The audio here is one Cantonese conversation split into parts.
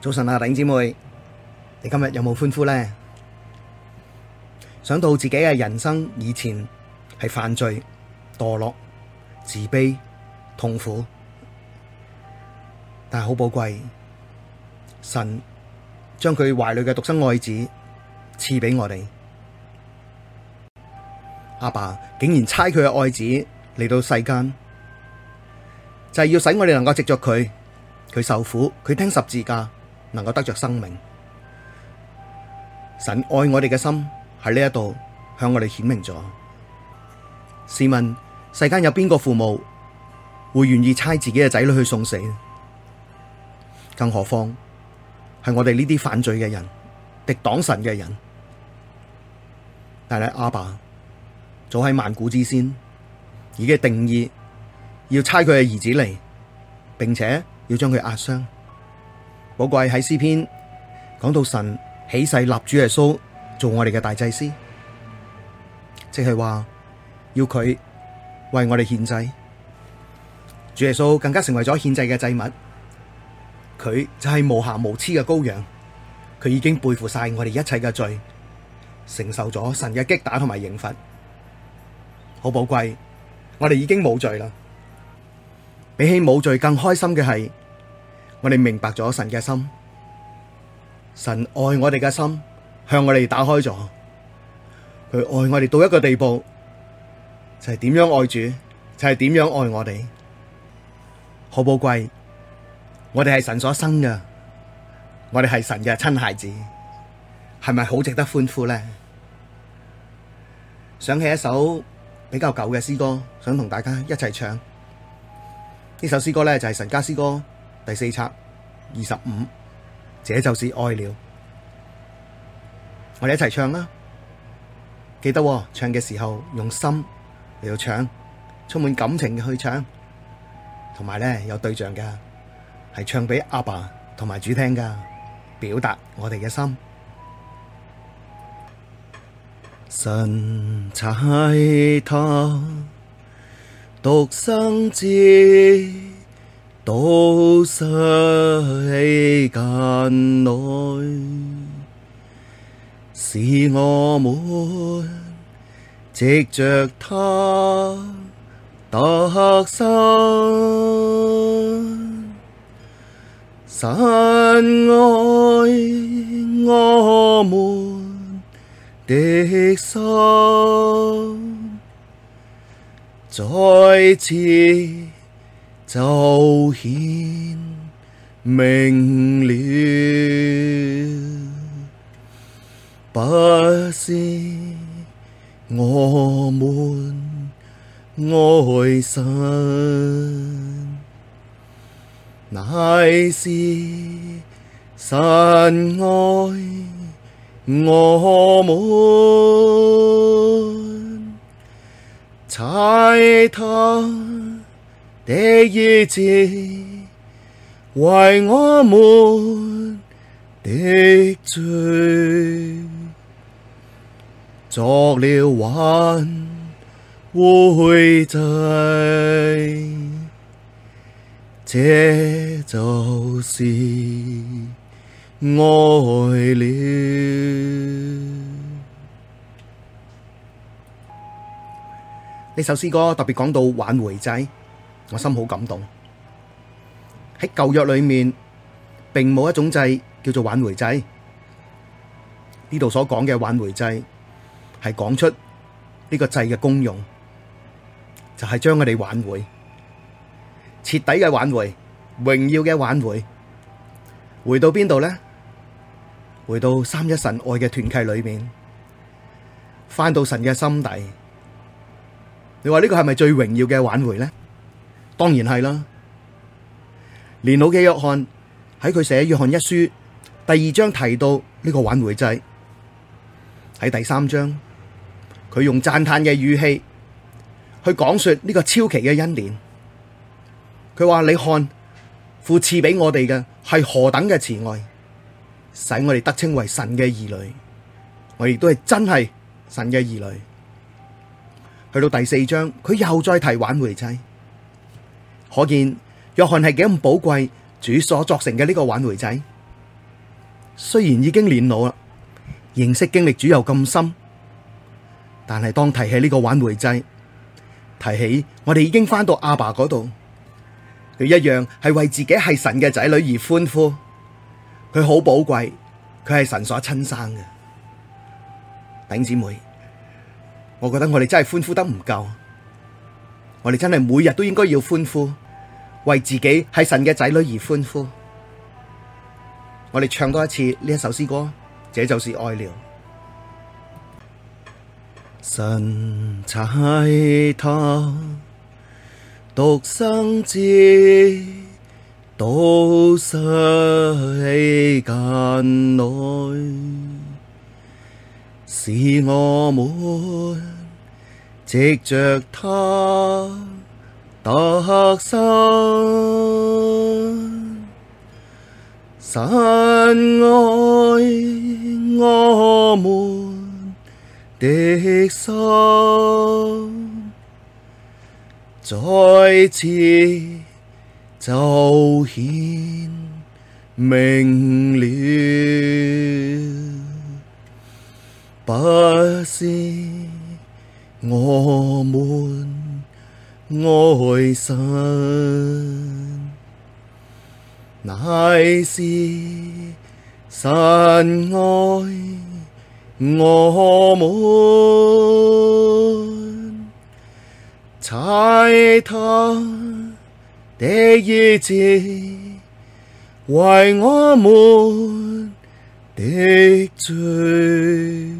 早晨啊，弟兄姊妹，你今日有冇歡呼咧？想到自己嘅人生以前係犯罪、墮落、自卑、痛苦，但係好寶貴，神將佢懷裏嘅獨生愛子賜畀我哋。阿爸，爸竟然差佢嘅愛子嚟到世間，就係、是、要使我哋能夠藉著佢，佢受苦，佢聽十字架。能夠得着生命，神愛我哋嘅心喺呢一度向我哋顯明咗。試問世間有邊個父母會願意差自己嘅仔女去送死？更何況係我哋呢啲犯罪嘅人、敵擋神嘅人。但係阿爸早喺萬古之先已經定義，要差佢嘅兒子嚟，並且要將佢壓傷。寶貴。喺詩篇講到神起誓立主耶穌做我哋嘅大祭司，即係話要佢為我哋獻祭。主耶穌更加成為咗獻祭嘅祭物，佢就係無瑕無疵嘅羔羊，佢已經背負晒我哋一切嘅罪，承受咗神嘅擊打同埋刑罰。好寶貴，我哋已經冇罪啦。比起冇罪，更開心嘅係，我哋明白咗神嘅心，神愛我哋嘅心向我哋打開咗，佢愛我哋到一個地步就係點樣愛主，就係點樣愛我哋，好寶貴。我哋係神所生嘅，我哋係神嘅親孩子，係咪好值得歡呼咧？想起一首比較舊嘅詩歌，想同大家一齊唱呢首詩歌咧，就係神家詩歌。第四冊二十五，這就是愛了。我哋一齊唱啦，記得唱嘅時候用心嚟到唱，充滿感情去唱，同埋呢有對象㗎，係唱俾阿爸同埋主聽㗎，表達我哋嘅心。神差他獨生子。到世間來，使我們藉着祂得生，神愛我們的心在此。就顯明了，不是我們愛神，乃是神愛我們，差他。這夜靜，為我們的罪，作了挽回祭，這就是愛了。呢首詩歌特別講到挽回祭。我心好感動。喺舊約裏面，並冇一種祭叫做挽回祭。呢度所講嘅挽回祭，係講出呢個祭嘅功用，就係將佢哋挽回，徹底嘅挽回，榮耀嘅挽回。回到邊度呢？回到三一神愛嘅團契裏面，翻到神嘅心底。你話呢個係咪最榮耀嘅挽回呢？當然係啦、啊，年老嘅約翰喺佢寫《約翰一書》第二章提到呢個挽回祭，喺第三章佢用讚嘆嘅語氣去講說呢個超奇嘅恩典。佢話：你看父賜俾我哋嘅係何等嘅慈愛，使我哋得稱為神嘅兒女。我亦都係真係神嘅兒女。去到第四章，佢又再提挽回祭。可見約翰係幾咁寶貴，主所作成嘅呢個挽回仔，雖然已經年老啦，認識經歷主又咁深，但係當提起呢個挽回仔，提起我哋已經翻到阿爸嗰度，佢一樣係為自己係神嘅仔女而歡呼，佢好寶貴，佢係神所親生嘅。弟兄姊妹，我覺得我哋真係歡呼得唔夠。我哋真係每日都應該要歡呼，為自己係神嘅仔女而歡呼。我哋唱多一次呢一首詩歌，這就是愛了。神差他獨生子到世間來，使我們，藉著他得生，神愛我們的心，在此就顯明了，不是我們愛神，乃是神愛我們，差祂的兒子，為我們的罪。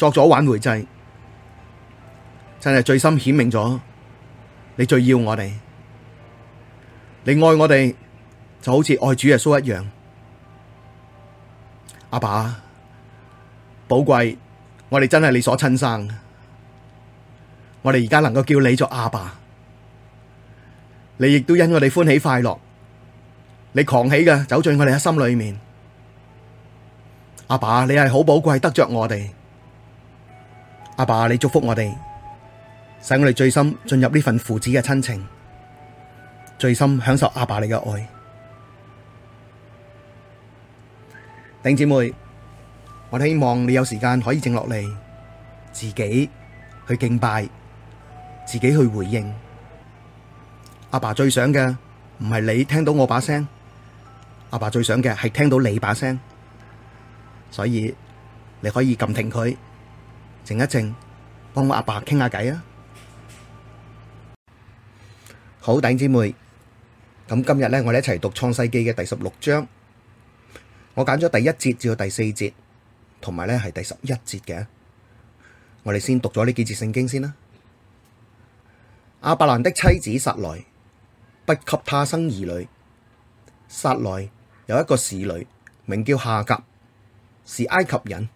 作咗挽回祭，真係最深顯明咗你最要我哋，你愛我哋就好似愛主耶穌一樣。阿爸寶貴，我哋真係你所親生，我哋而家能夠叫你做阿爸，爸，你亦都因我哋歡喜快樂，你狂喜嘅走進我哋嘅心裏面。阿爸，爸，你係好寶貴，得着我哋。阿爸，你祝福我哋，使我哋最深進入呢份父子嘅親情，最深享受阿爸你嘅愛。丁姐妹，我希望你有時間可以靜落嚟，自己去敬拜，自己去回應。阿爸最想嘅唔係你聽到我把聲，阿爸最想嘅係聽到你把聲，所以你可以撳停佢。靜一靜，幫我阿爸傾下偈啊！好弟兄姐妹，咁今日咧，我哋一齊讀創世記嘅第十六章，我揀咗第一節至到第四節，同埋咧係第十一節嘅，我哋先讀咗呢幾節聖經先啦。亞伯蘭的妻子撒萊不給他生兒女，撒萊有一個使女，名叫夏甲，是埃及人。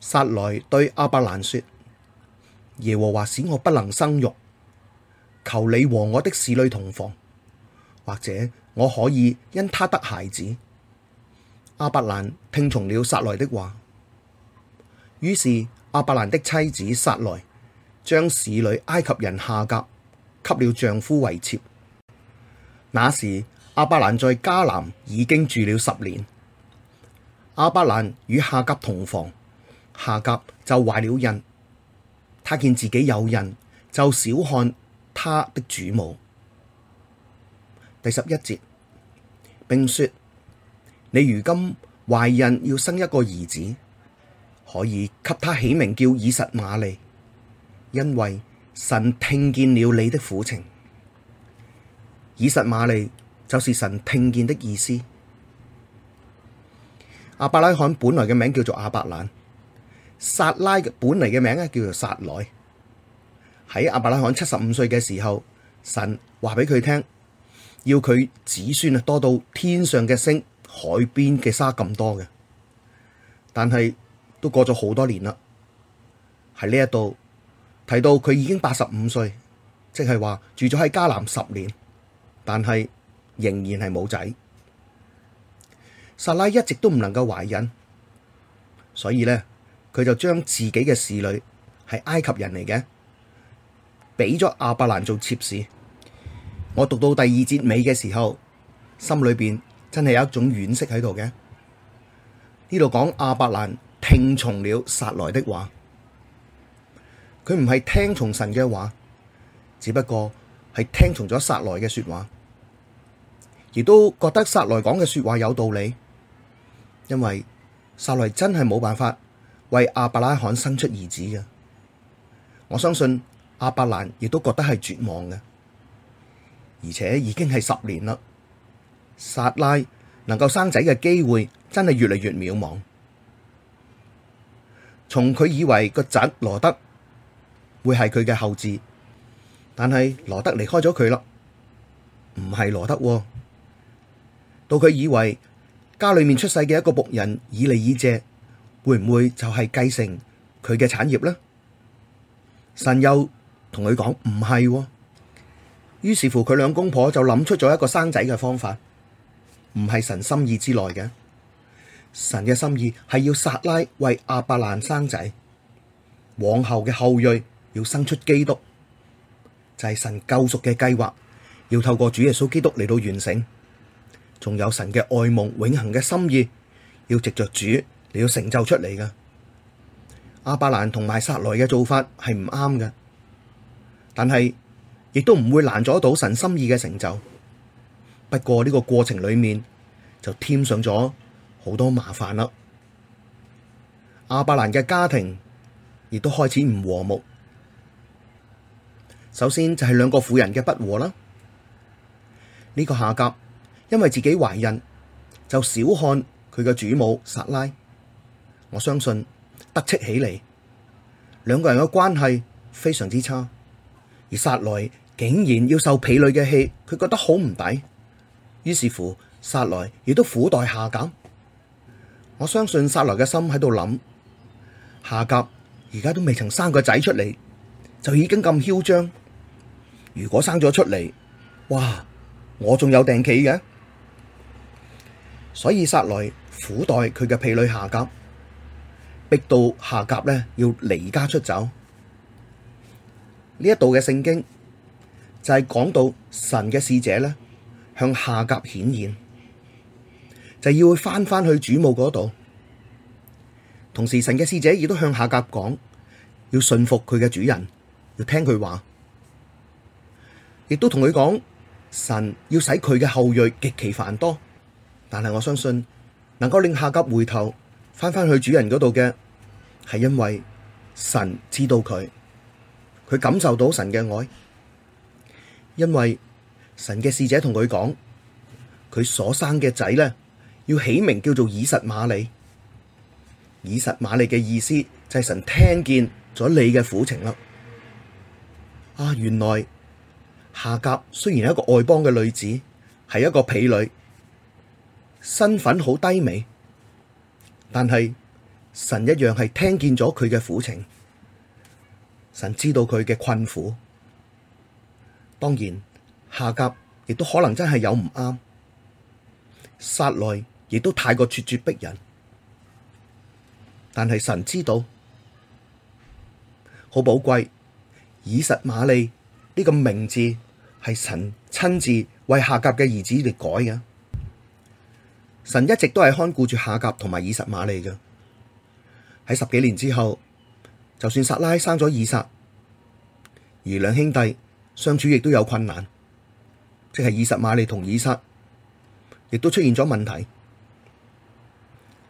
撒萊對亞伯蘭說：耶和華使我不能生育，求你和我的使女同房，或者我可以因他得孩子。亞伯蘭聽從了撒萊的話，於是亞伯蘭的妻子撒萊將使女埃及人夏甲給了丈夫為妾。那時亞伯蘭在迦南已經住了十年，亞伯蘭與夏甲同房。夏甲就懷了孕，他見自己有孕，就小看他的主母。第十一節，並說：你如今懷孕要生一個兒子，可以給他起名叫以實瑪利，因為神聽見了你的苦情。以實瑪利就是神聽見的意思。阿伯拉罕本來嘅名叫做阿伯蘭。撒拉嘅本嚟嘅名咧叫做撒萊，喺亞伯拉罕七十五歲嘅時候，神話俾佢聽，要佢子孫啊多到天上嘅星、海邊嘅沙咁多嘅。但係都過咗好多年啦，喺呢一度提到佢已經八十五歲，即係話住咗喺迦南十年，但係仍然係冇仔。撒拉一直都唔能夠懷孕，所以咧。佢就將自己嘅侍女係埃及人嚟嘅，畀咗亞伯蘭做妾侍。我讀到第二節尾嘅時候，心裏邊真係有一種惋惜喺度嘅。呢度講亞伯蘭聽從了撒萊的話，佢唔係聽從神嘅話，只不過係聽從咗撒萊嘅說話，亦都覺得撒萊講嘅說話有道理，因為撒萊真係冇辦法。為亞伯拉罕生出兒子嘅，我相信亞伯蘭亦都覺得係絕望嘅，而且已經係十年啦。撒拉能夠生仔嘅機會真係越嚟越渺茫。從佢以為個侄羅德會係佢嘅後嗣，但係羅德離開咗佢啦，唔係羅德，啊。到佢以為家裏面出世嘅一個僕人以利以謝。會唔會就係繼承佢嘅產業呢？神又同佢講唔係喎，於是乎佢兩公婆就諗出咗一個生仔嘅方法，唔係神心意之內嘅。神嘅心意係要撒拉為亞伯蘭生仔，往後嘅後裔要生出基督，就係、是、神救贖嘅計劃，要透過主耶穌基督嚟到完成。仲有神嘅愛夢永恒嘅心意，要藉著主。你要成就出嚟嘅，亞伯蘭同埋撒萊嘅做法係唔啱嘅，但係亦都唔會難阻到神心意嘅成就，不過呢個過程裏面就添上咗好多麻煩啦。亞伯蘭嘅家庭亦都開始唔和睦，首先就係兩個婦人嘅不和啦。呢、這個夏甲因為自己懷孕，就小看佢嘅主母撒拉。我相信得戚起嚟，兩個人嘅關係非常之差，而撒萊竟然要受婢女嘅氣，佢覺得好唔抵。於是乎，撒萊亦都苦待夏甲。我相信撒萊嘅心喺度諗，夏甲而家都未曾生個仔出嚟，就已經咁囂張。如果生咗出嚟，哇，我仲有訂期嘅，所以撒萊苦待佢嘅婢女夏甲。逼到夏甲呢要離家出走，呢一度嘅聖經就係講到神嘅使者呢向夏甲顯現，就要佢返返去主母嗰度。同時神嘅使者亦都向夏甲講，要信服佢嘅主人，要聽佢話，亦都同佢講神要使佢嘅後裔極其繁多。但係我相信能夠令夏甲回頭。翻返去主人嗰度嘅，係因為神知道佢，佢感受到神嘅愛，因為神嘅使者同佢講，佢所生嘅仔呢，要起名叫做以實瑪利。以實瑪利嘅意思就係神聽見咗你嘅苦情啦。啊，原來夏甲雖然係一個外邦嘅女子，係一個婢女，身份好低微。但係神一樣係聽見咗佢嘅苦情，神知道佢嘅困苦。當然夏甲亦都可能真係有唔啱，撒萊亦都太過咄咄逼人。但係神知道好寶貴，以實瑪利呢個名字係神親自為夏甲嘅兒子嚟改嘅。神一直都係看顧住夏甲同埋以實瑪利嘅。喺十幾年之後，就算撒拉生咗以撒，而兩兄弟相處亦都有困難，即係以實瑪利同以撒，亦都出現咗問題。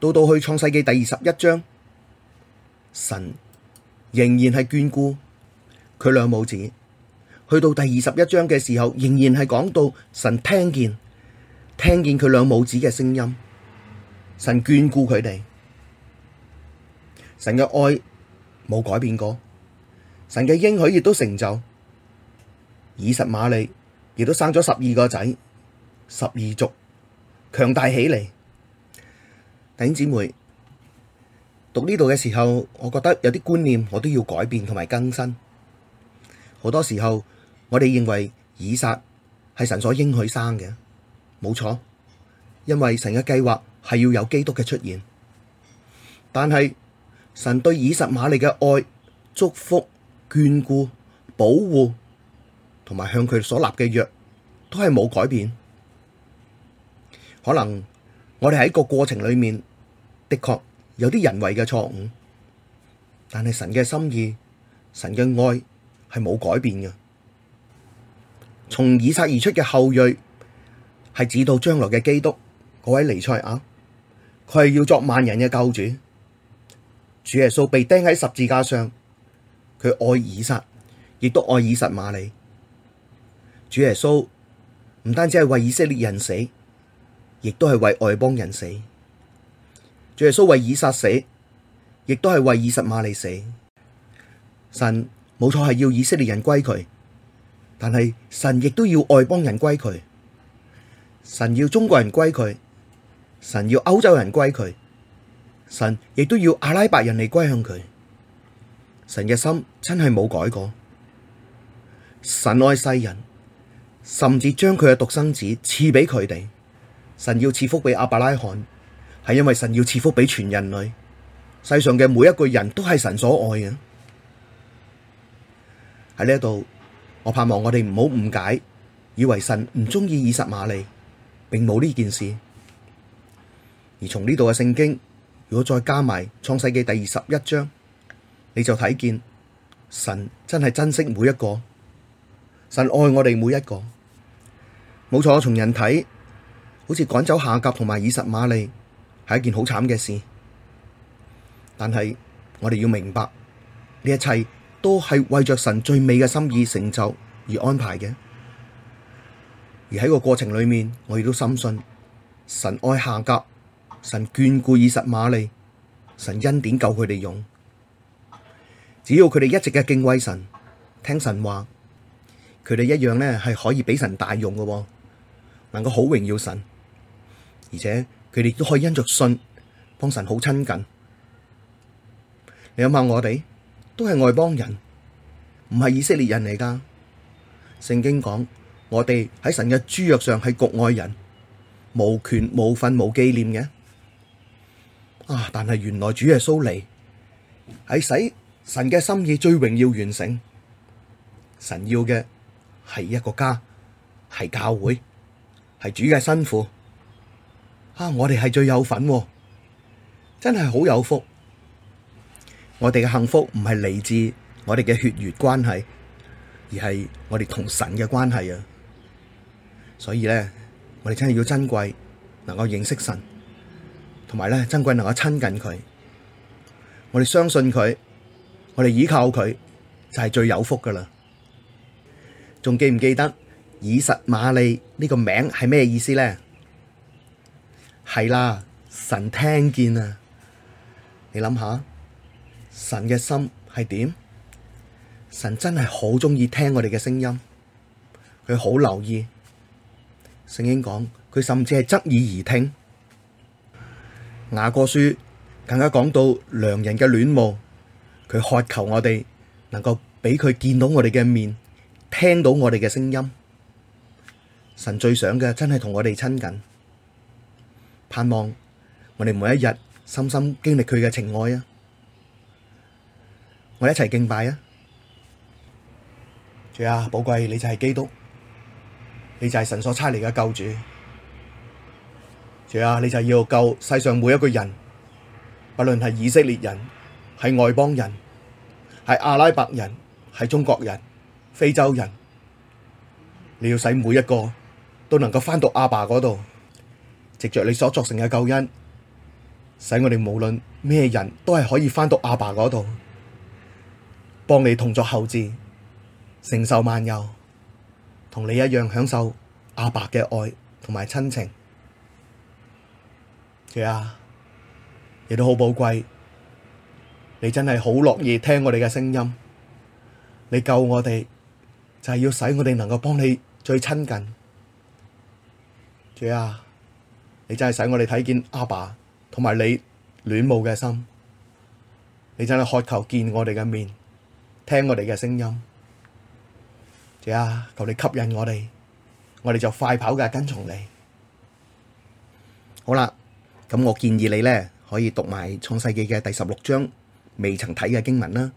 到到去創世紀第二十一章，神仍然係眷顧佢兩母子。去到第二十一章嘅時候，仍然係講到神聽見。聽見佢兩母子嘅聲音，神眷顧佢哋，神嘅愛冇改變過，神嘅應許亦都成就。以實瑪利亦都生咗十二個仔，十二族強大起嚟。弟兄姊妹讀呢度嘅時候，我覺得有啲觀念我都要改變同埋更新。好多時候我哋認為以撒係神所應許生嘅。冇錯，因為神嘅計劃係要有基督嘅出現，但係神對以實瑪利嘅愛、祝福、眷顧、保護，同埋向佢所立嘅約，都係冇改變。可能我哋喺個過程裏面，的確有啲人為嘅錯誤，但係神嘅心意、神嘅愛係冇改變嘅。從以撒而出嘅後裔，係指到將來嘅基督，嗰位彌賽亞，佢係要作萬人嘅救主。主耶穌被釘喺十字架上，佢愛以撒，亦都愛以實瑪利。主耶穌唔單止係為以色列人死，亦都係為外邦人死。主耶穌為以撒死，亦都係為以實瑪利死。神冇錯係要以色列人歸佢，但係神亦都要外邦人歸佢。神要中國人歸佢，神要歐洲人歸佢，神亦都要阿拉伯人嚟歸向佢。神嘅心真係冇改過，神愛世人，甚至將佢嘅獨生子賜俾佢哋。神要賜福俾亞伯拉罕，係因為神要賜福俾全人類，世上嘅每一個人都係神所愛嘅。喺呢一度，我盼望我哋唔好誤解，以為神唔中意以實瑪利。並冇呢件事，而從呢度嘅聖經，如果再加埋創世記第二十一章，你就睇見神真係珍惜每一個，神愛我哋每一個。冇錯，從人睇，好似趕走夏甲同埋以實瑪利係一件好慘嘅事，但係我哋要明白，呢一切都係為着神最美嘅心意成就而安排嘅。而喺個過程裏面，我亦都深信神愛夏甲，神眷顧以實瑪利，神恩典夠佢哋用。只要佢哋一直嘅敬畏神，聽神話，佢哋一樣呢係可以俾神大用嘅，能夠好榮耀神，而且佢哋都可以因着信幫神好親近。你諗下，我哋都係外邦人，唔係以色列人嚟噶。聖經講。.我哋喺神嘅諸約上係局外人，無權無份無紀念嘅。啊！但係原來主係蘇黎，係使神嘅心意最榮耀完成。神要嘅係一個家，係教會，係主嘅辛苦。啊！我哋係最有份，啊，真係好有福。我哋嘅幸福唔係嚟自我哋嘅血緣關係，而係我哋同神嘅關係啊！所以咧，我哋真係要珍貴，能夠認識神，同埋咧珍貴能夠親近佢，我哋相信佢，我哋依靠佢，就係最有福噶啦。仲記唔記得以實瑪利呢個名係咩意思咧？係啦，神聽見啊！你諗下，神嘅心係點？神真係好鍾意聽我哋嘅聲音，佢好留意。聖經講佢甚至係側耳而聽，雅歌書更加講到良人嘅戀慕，佢渴求我哋能夠俾佢見到我哋嘅面，聽到我哋嘅聲音。神最想嘅真係同我哋親近，盼望我哋每一日深深經歷佢嘅情愛啊！我哋一齊敬拜啊！主啊，寶貴你就係基督。你就係神所差嚟嘅救主，主啊，你就要救世上每一個人，不論係以色列人、係外邦人、係阿拉伯人、係中國人、非洲人，你要使每一個都能夠翻到阿爸嗰度，藉着你所作成嘅救恩，使我哋無論咩人都係可以翻到阿爸嗰度，幫你同作後嗣，承受萬有。同你一樣享受阿爸嘅愛同埋親情，主啊，你都好寶貴。你真係好樂意聽我哋嘅聲音，你救我哋就係要使我哋能夠幫你最親近，主啊，你真係使我哋睇見阿爸同埋你戀慕嘅心，你真係渴求見我哋嘅面，聽我哋嘅聲音。呀！求你吸引我哋，我哋就快跑嘅跟從你。好啦，咁我建議你咧可以讀埋《創世記》嘅第十六章未曾睇嘅經文啦。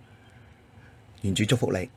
願主祝福你。